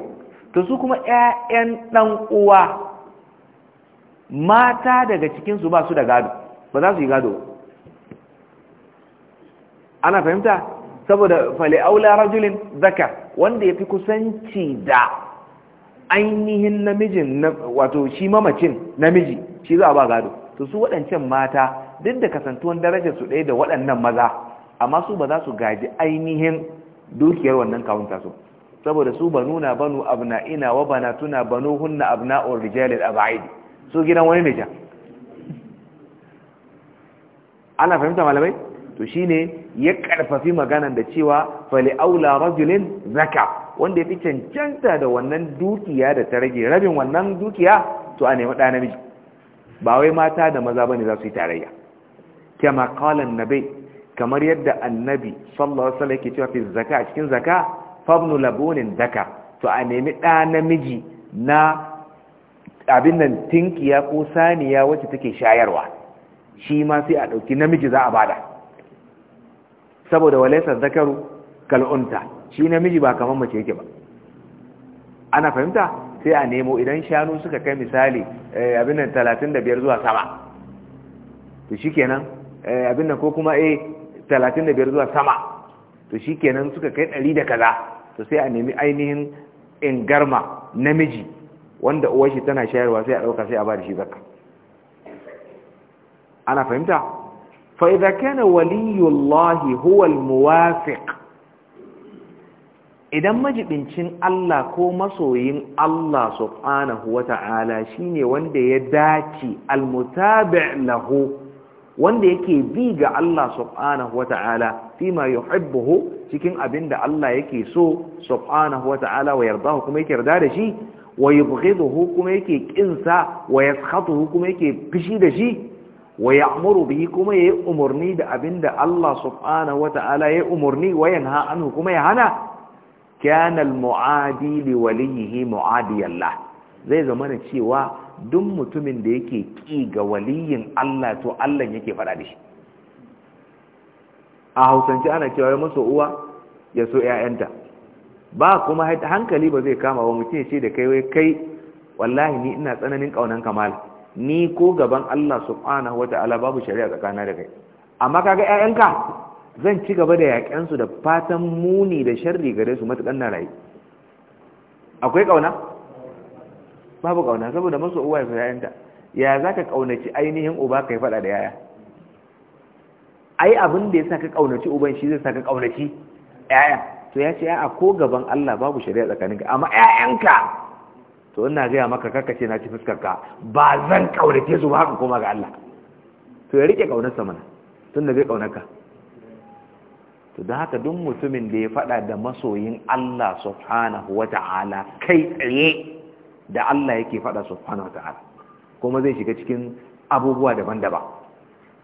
to su kuma 'ya'yan ɗan uwa mata daga cikinsu ba su da gado ba za su yi gado ana fahimta saboda fali'aula rajulin zakar wanda ya fi kusanci da ainihin namijin wato shi mamacin namiji shi za a ba gado to su waɗancan mata duk da kasantuwan darajar su ɗaya da waɗannan maza amma su ba za su gaji ainihin dukiyar wannan kawun taso saboda su ba nuna banu ina, wa banatuna banu hunna Abna or rijalil ab'idi su gidan wani ne ja ana fahimta malamai to shine ya karfafi maganan da cewa fali aula rajulin zaka wanda ya fi cancanta da wannan dukiya da ta rage rabin wannan dukiya to a nemi ɗa namiji ba wai mata da maza bane za su yi tarayya kama qala annabi kamar yadda annabi sallallahu alaihi wasallam yake cewa fi zaka cikin zaka fabnu labunin zaka to a nemi ɗa namiji na abin nan tinkiya ko saniya wacce take shayarwa shi ma sai a ɗauki namiji za a bada saboda walaisa zakaru kal'unta shi namiji ba kamar mace yake ba ana fahimta sai a nemo idan shanu suka kai misali eh, abin nan 35 zuwa sama to shikenan eh, abin nan ko kuma eh 35 zuwa sama to shikenan suka kai 100 da kaza to sai a nemi ainihin ingarma namiji wanda uwar shi tana shayarwa sai a dauka sai a ba da shi zakka ana fahimta فإذا كان ولي الله هو الموافق idan majibincin Allah ko masoyin Allah subhanahu wata'ala shine wanda ya dace almutabi' lahu wanda yake bi ga Allah subhanahu wata'ala fima yuhibbuhu cikin abinda Allah yake so subhanahu wata'ala wa yardahu kuma yake yarda da shi wa yubghiduhu kuma yake kinsa wa yaskhatuhu kuma yake fishi da shi wa ya'muru bihi kuma yayi umarni da abinda Allah subhanahu ya yayi umarni wa yanha anhu kuma ya hana kana al-mu'adi li walihi zai zama da cewa duk mutumin da yake ki ga waliyin Allah to Allah yake fada da shi a hausance ana cewa masa uwa ya so 'ya'yanta, ba kuma hankali ba zai kama ba mutum ya ce da kai wai kai wallahi ni ina tsananin ƙaunan kamala ni ko gaban Allah subhanahu wata'ala babu shari'a tsakana da kai amma kaga ƴaƴanka zan ci gaba da yaƙen su da fatan muni da sharri gare su matukan na rayi akwai kauna babu kauna saboda masu uwa ya ƴaƴanta ya zaka kaunaci ainihin uba kai fada da yaya ai abin da ya ka kaunaci uban shi zai saka kaunaci yaya. to ya ce a ko gaban Allah babu shari'a tsakaninka amma ƴaƴanka to ina gaya maka kakace na ci fuskarka. ka ba zan kaunace su ba haka koma ga Allah to ya rike kaunarsa mana tun da zai kaunarka to da haka duk mutumin da ya faɗa da masoyin Allah subhanahu kai tsaye da Allah yake faɗa subhanahu wata'ala kuma zai shiga cikin abubuwa daban-daban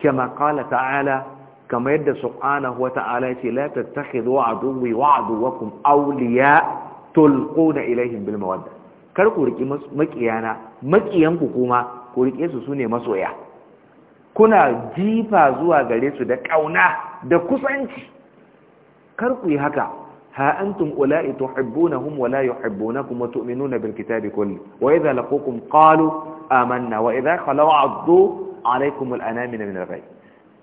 kama qala ta'ala kama yadda subhanahu wata'ala yace la tattakhidhu aduwwi wa aduwwakum awliya tulquna ilaihim bil mawaddah kar ku riki makiyan ku kuma ku riƙe su ne masoya kuna jifa zuwa gare su da ƙauna da kusanci kar ku yi haka ha antum ula'i tuhibbunahum wa la yuhibbunakum wa tu'minuna bil kitabi kulli wa idha laqukum qalu amanna wa idha khalaw 'addu 'alaykum al anamina min al ghayb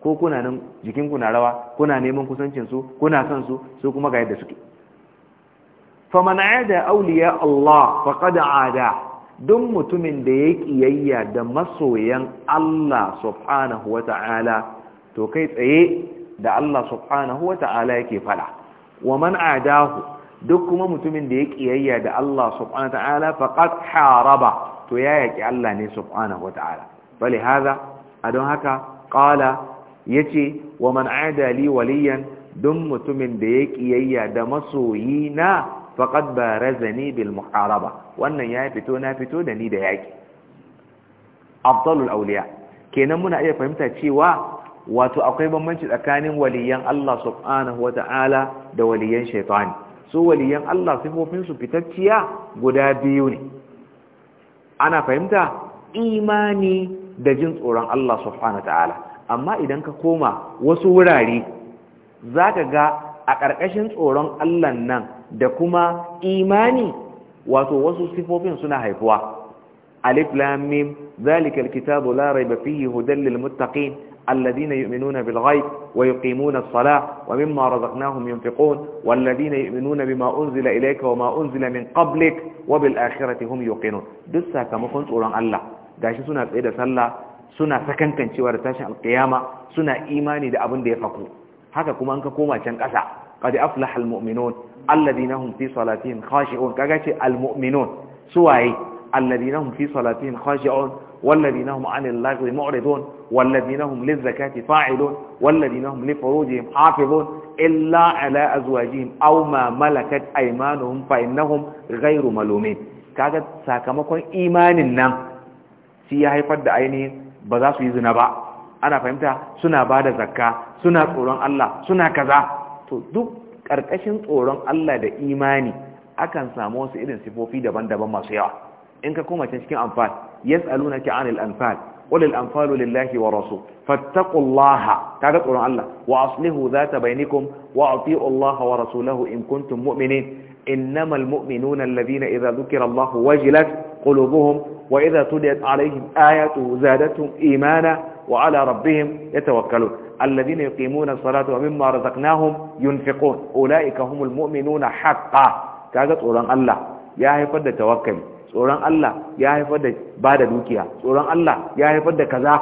ko kuna nan jikin ku na rawa kuna neman kusancin su kuna son su su kuma ga yadda suke faman ada auliya Allah faqad ada duk mutumin da ya kiyayya da masoyan Allah subhanahu to kai tsaye da Allah subhanahu wata'ala yake fada wa man adahu duk kuma mutumin da ya kiyayya da Allah subhanahu wata'ala faqad haraba to ya yaki Allah ne subhanahu wata'ala bali hada adon haka qala yace wa man ada li waliyan duk mutumin da ya kiyayya da masoyina faqad razani bil muharaba wannan ya fito na fito da ni da yaki afdalul awliya kenan muna iya fahimta cewa wato akwai bambanci tsakanin waliyan Allah subhanahu wata'ala da waliyan shaytan su waliyan Allah sifofin su fitacciya guda biyu ne ana fahimta imani da jin tsoron Allah subhanahu wata'ala amma idan ka koma wasu wurare zaka ga a ƙarƙashin tsoron Allah nan da kuma imani wato wasu sifofin suna haifuwa alif lam mim zalika alkitabu la rayba fihi hudan lil muttaqin الذين يؤمنون بالغيب ويقيمون الصلاة ومما رزقناهم ينفقون والذين يؤمنون بما أنزل إليك وما أنزل من قبلك وبالآخرة هم يوقنون دسا كما كنت أولان الله gashi suna tsaye da sallah suna sakankan cewa da tashin alkiyama suna imani da abin da ya faku haka kuma an ka koma can ƙasa qad aflaha almu'minun alladhina hum fi salatihim khashi'un kaga ce almu'minun suwaye alladhina hum fi salatihim khashi'un walladhina hum 'anil laghwi mu'ridun walladhina hum lizakati fa'ilun walladhina hum li furujihim hafizun illa 'ala azwajihim aw ma malakat aymanuhum fa innahum malumin kaga sakamakon imanin nan shi ya haifar da ainihin ba za su yi zina ba ana fahimta suna ba da zakka suna tsoron Allah suna kaza to duk ƙarƙashin tsoron Allah da imani akan samu wasu irin sifofi daban-daban masu yawa in ka koma cikin anfal yas'alunaka 'anil anfal qul al anfalu lillahi wa rasul fattaqullaha kaga tsoron Allah wa aslihu zata bainakum wa ati'u Allah wa rasulahu in kuntum mu'minin innamal mu'minuna alladhina idza dhukira Allah wajilat qulubuhum wa idza tuliyat 'alayhim ayatu zadatuhum imana وعلى ربهم يتوكلون الذين يقيمون الصلاة ومما رزقناهم ينفقون أولئك هم المؤمنون حقا كذا تقول الله يا هفد توكل tsoron Allah ya haifar da ba da dukiya tsoron Allah ya haifar da kaza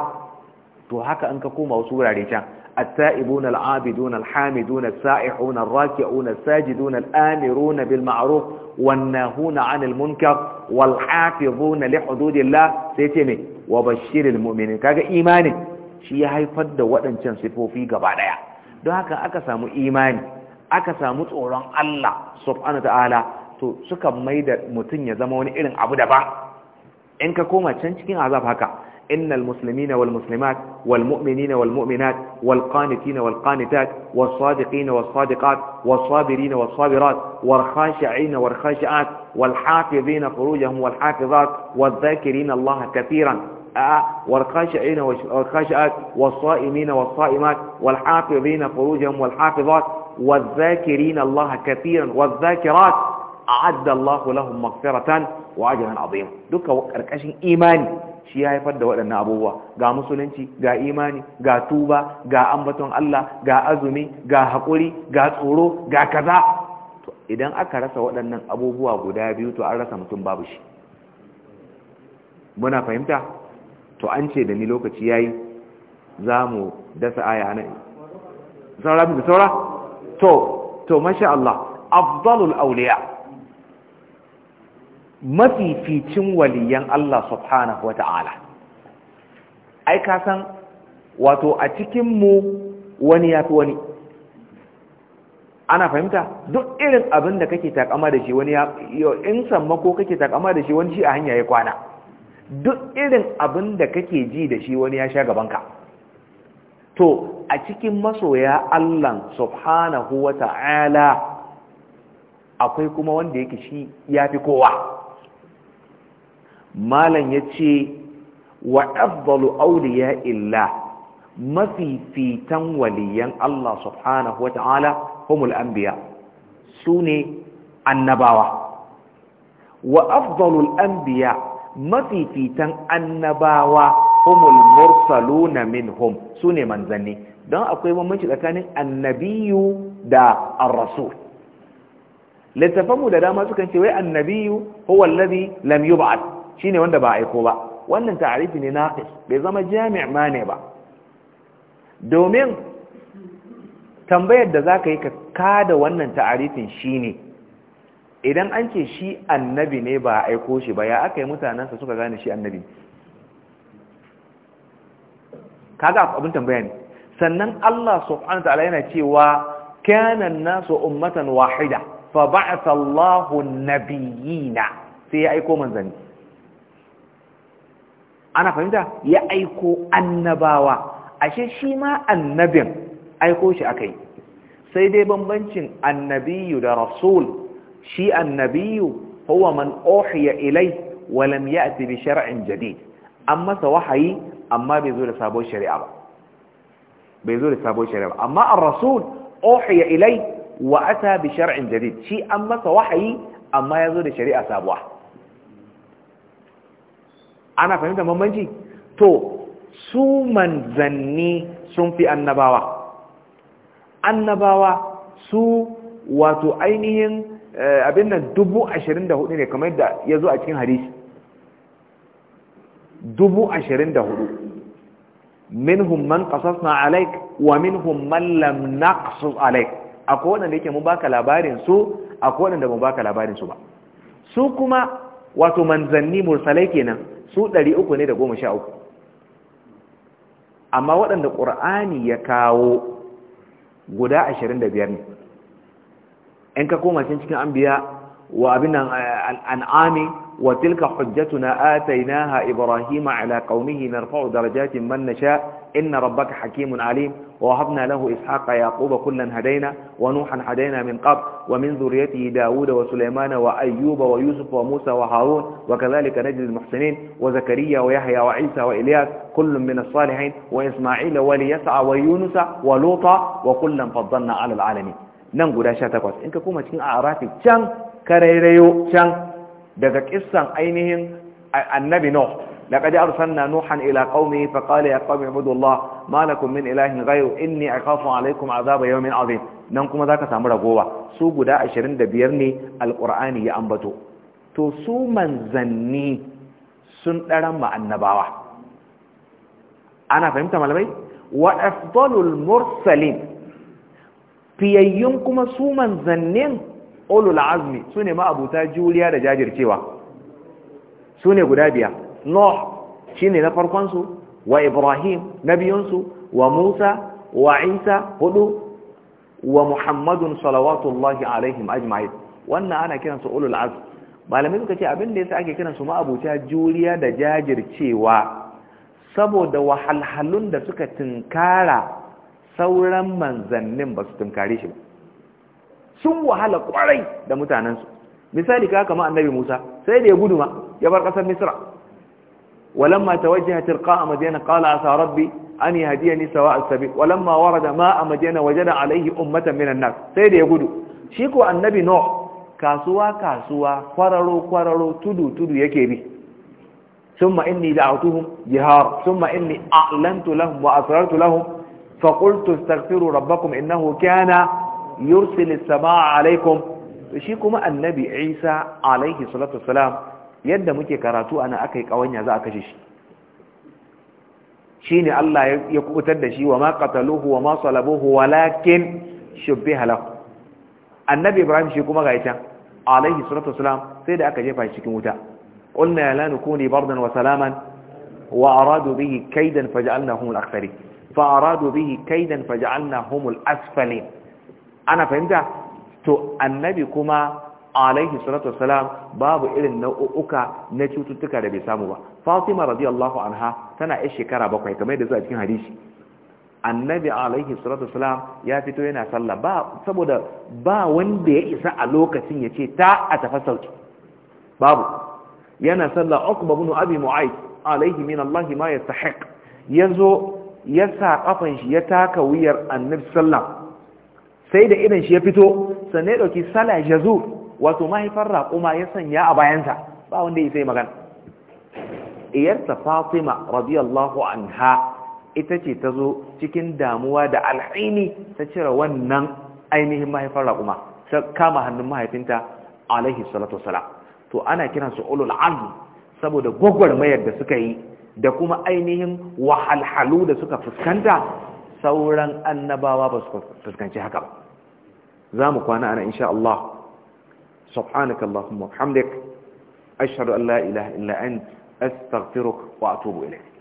to haka an ka koma wasu wurare can at-ta'ibuna al-abiduna al-hamiduna as-sa'ihuna ar-raki'una as-sajiduna al-amiruna bil-ma'ruf wan-nahuna 'anil-munkar wal hafizuna li sai ce me wa bashirul mu'minin kaga imanin shi ya haifar da waɗancan sifofi gaba daya don haka aka samu imani aka samu tsoron Allah subhanahu ta'ala to suka maida mutum ya zama wani irin abu da ba in ka koma can cikin azab haka إن المسلمين والمسلمات والمؤمنين والمؤمنات والقانتين والقانتات والصادقين والصادقات والصابرين والصابرات والخاشعين والخاشعات والحافظين فروجهم والحافظات والذاكرين الله كثيرا آه، والخاشعين والخاشعات والصائمين والصائمات والحافظين فروجهم والحافظات والذاكرين الله كثيرا والذاكرات أعد الله لهم مغفرة وأجرا عظيما دوكا وكركشين إيماني shi ya haifar da waɗannan abubuwa ga musulunci ga imani ga tuba ga ambaton Allah ga azumi ga haƙuri ga tsoro ga kaza idan aka rasa waɗannan abubuwa guda biyu to an rasa mutum babu shi muna fahimta to an ce da ni lokaci yayi za mu dasa aya nan saura bi saura to to masha Allah afdalul awliya mafificin waliyan Allah subhanahu wata'ala ai ka san wato a cikin mu wani fi wani ana fahimta duk irin abin da kake takama da shi wani ya in sammako kake takama da shi wani shi a hanya ya kwana duk irin abin da kake ji da shi wani ya sha gabanka to a cikin masoya Allah subhanahu wata'ala akwai kuma wanda yake shi ya fi kowa malam ya ce wa afdalu auliya illa mafifitan waliyan Allah subhanahu wa ta'ala humul anbiya su ne annabawa wa afdalul anbiya mafifitan annabawa humul mursaluna minhum su ne manzanni don akwai bambanci tsakanin annabiyu da ar-rasul littafanmu da dama sukan ce wai annabiyu huwa allazi lam yub'ath Shi ne wanda ba aiko ba wannan ta'arifi ne naqis bai zama jami'a ma ne ba domin tambayar da za ka yi ka kada wannan ta'arifin shi ne, idan an ce shi annabi ne ba aiko shi ba ya aka yi mutanensa suka gane shi annabi kaga abin tambaya ne sannan Allah subhanahu wa ta'ala yana cewa kana nasu ummatan wahida fa ba'atha Allahu nabiyina sai ya aiko manzanni ana fahimta ya aiko annabawa ashe shi ma annabin aiko shi kai sai dai bambancin annabiyu da rasul shi annabiyu huwa man ohiya ilai walam ya bi shar'in jadid amma sa wahayi amma bai zo da shari'a ba bai zo da sabo shari'a ba amma ar-rasul ohiya ilai wa ata bi shar'in jadid shi an masa wahayi amma ya zo da shari'a sabuwa ana fahimtar bambanci to su manzanni sun fi annabawa annabawa su wato ainihin eh, abin nan dubu ashirin da hudu ne kamar yadda ya zo a cikin hadisi dubu ashirin da hudu minhum man na alaik wa minhum man lam naqsus alaik akwai wanda yake mun baka labarin su akwai wanda mun baka labarin su ba su kuma wato manzanni mursalai kenan su ɗari uku ne da goma sha uku amma waɗanda ƙur'ani ya kawo guda ashirin da biyar ne in ka koma cikin an biya wa abin nan an'ami وتلك حجتنا آتيناها إبراهيم على قومه نرفع درجات من نشاء إن ربك حكيم عليم ووهبنا له إسحاق يعقوب كلا هدينا ونوحا هدينا من قبل ومن ذريته داود وسليمان وأيوب ويوسف وموسى وهارون وكذلك نجد المحسنين وزكريا ويحيى وعيسى وإلياس كل من الصالحين وإسماعيل وليسع ويونس ولوطا وكلا فضلنا على العالمين ننقل شاتكوس إنك كما تكون أعرافي كان كريريو كان daga kissan ainihin annabi Nuh laqad arsalna nuhan ila qaumi fa qala ya qaumi ibudullah ma lakum min ilahin ghayru inni akhafu alaykum adhab yawmin adhim nan kuma zaka samu ragowa su guda da 25 ne Alƙur'ani ya ambato to su manzanni sun daran ma annabawa ana fahimta malamai wa afdalul mursalin fiyayyun kuma su manzannin ulul azmi sune ma'abuta juriya da jajircewa sune guda biya nuh shine na farkonsu, wa ibrahim na biyunsu, wa musa wa isa hudu wa muhammadun salawatullahi alaihim ajma'in wannan ana kiransu ulul azm malamai suka ce abin da sa ake kiransu ma'abuta juriya da jajircewa saboda wahalhalun da suka tinkara sauran manzannin ba su tunkare shi ba sun wahala kwarai da mutanensu misali ka kama annabi musa sai da ya gudu ma ya bar kasar misra walamma tawajjaha tilqa'a madyana qala asa rabbi an yahdiyani sawa'a as-sabil walamma warada ma'a madyana wajada alayhi ummatan minan nas sai da ya gudu shi ko annabi no kasuwa kasuwa kwararo kwararo tudu tudu yake bi ثم إني دعوتهم جهار ثم إني أعلنت لهم وأسررت لهم فقلت استغفروا ربكم إنه كان yursilis samaa alaikum shi kuma annabi Isa alaihi salatu wassalam yadda muke karatu ana akai kawanya za a kashe shi Shi shine Allah ya kubutar da shi wa ma qataluhu wa ma salabuhu walakin shubbiha lahu annabi Ibrahim shi kuma ga ita alaihi salatu wassalam sai da aka jefa shi cikin wuta qulna ya la nukuni bardan wa salaman wa aradu bihi kaidan faj'alnahum humul akhsarin fa aradu bihi kaidan faj'alnahum humul asfalin ana fahimta to annabi kuma alaihi salatu wassalam babu irin nau'uka na cututtuka da bai samu ba fatima radiyallahu anha tana yar shekara bakwai kamar yadda zuwa cikin hadisi annabi alaihi salatu wassalam ya fito yana sallah ba saboda ba wanda ya isa a lokacin ya ce ta a tafa sauki babu yana sallah uqba ibn abi mu'ayth alaihi min allah ma yastahiq Yanzu ya sa kafan shi ya taka wuyar annabi sallallahu sai da idan shi ya fito sannan ya dauki sala jazur wato mahaifar raƙuma ya sanya a bayansa ba wanda ya sai magana iyarsa fatima radiyallahu anha ita ce ta zo cikin damuwa da al'ini ta cire wannan ainihin mahaifar raƙuma ta kama hannun mahaifinta alaihi salatu wasalam to ana su ulul azmi saboda gwagwarmayar da suka yi da kuma ainihin wahalhalu da suka fuskanta sauran annabawa ba su fuskanci haka ba za mu kwana ana insha Allah subhanaka Allahumma hamdik ashhadu an la ilaha illa ant astaghfiruka wa atubu ilayk